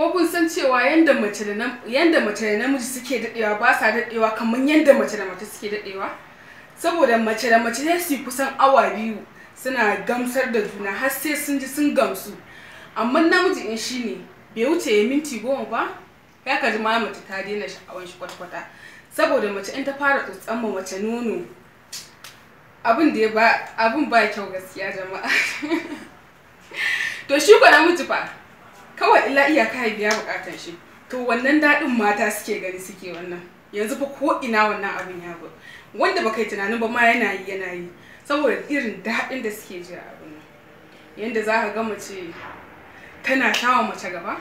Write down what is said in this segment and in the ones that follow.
ko kun san cewa yanda mace da yanda mace da namiji suke dadewa ba sa dadewa kamar yanda mace da mace suke dadewa saboda mace da mace ne su kusan awa biyu suna gamsar da juna har sai sun ji sun gamsu amma namiji in shi ne bai wuce ya minti goma ba ya ka ji mace ta daina sha'awar shi kwatkwata saboda mace in ta fara tsotsan ma mace nono abin da ya ba abin ba kyau gaskiya jama'a to shi ko namiji fa kawai illa iyaka ya biya bukatan shi to wannan daɗin mata suke gani suke wannan yanzu fa ko ina wannan abin ya ba wanda baka yi tunanin ba ma yana yi yana yi saboda irin daɗin da suke ji a abin yanda za ka ga mace tana shawa mace gaba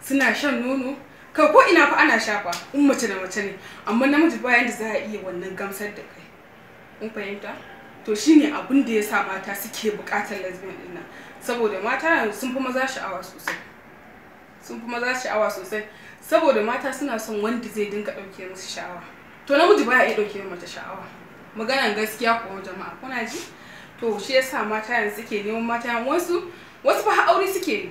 suna shan nono kai ko ina fa ana shafa in mace da mace ne amma namiji bayan yanda za a iya wannan gamsar da kai in fahimta to shine abin da ya sa mata suke bukatar lesbian dinna nan saboda mata sun fi maza sha'awa sosai sun fi maza sha'awa sosai saboda mata suna son wanda zai dinga ɗauke musu sha'awa to namiji baya iya ɗauke mata sha'awa maganan gaskiya ko jama'a kuna ji to shi yasa mata yanzu suke neman mata wasu wasu fa aure suke yi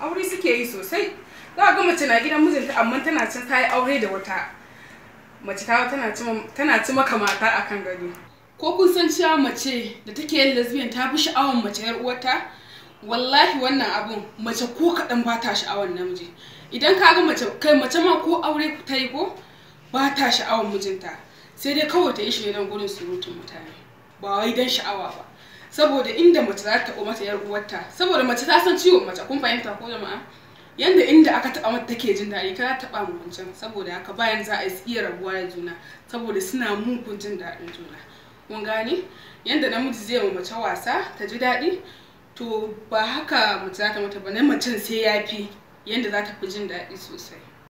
aure suke yi sosai za ga mace na gidan mijinta amma tana cin ta aure da wata mace ta tana ci tana ci maka mata akan gari. ko kun san cewa mace da take yin lesbian ta fi sha'awar mace yar uwarta wallahi wannan abun mace ko kaɗan ba ta sha'awar namiji idan ka ga mace kai mace ma ko aure ta yi ko ba ta sha'awar mijinta sai dai kawai ta yi shi ne don gurin surutun mutane ba wai don sha'awa ba saboda inda mace za ta mata yar uwarta saboda mace ta san ciwon mace kun fahimta ko jama'a yanda inda aka taɓa mata take jin daɗi ka taɓa mu wancan saboda haka bayan za a iya rabuwa da juna saboda suna mugun jin daɗin juna kun gane yanda namiji zai wa mace wasa ta ji daɗi to ba haka mace za mata ba na mutum sai ya fi yadda za ta fi jin daɗi sosai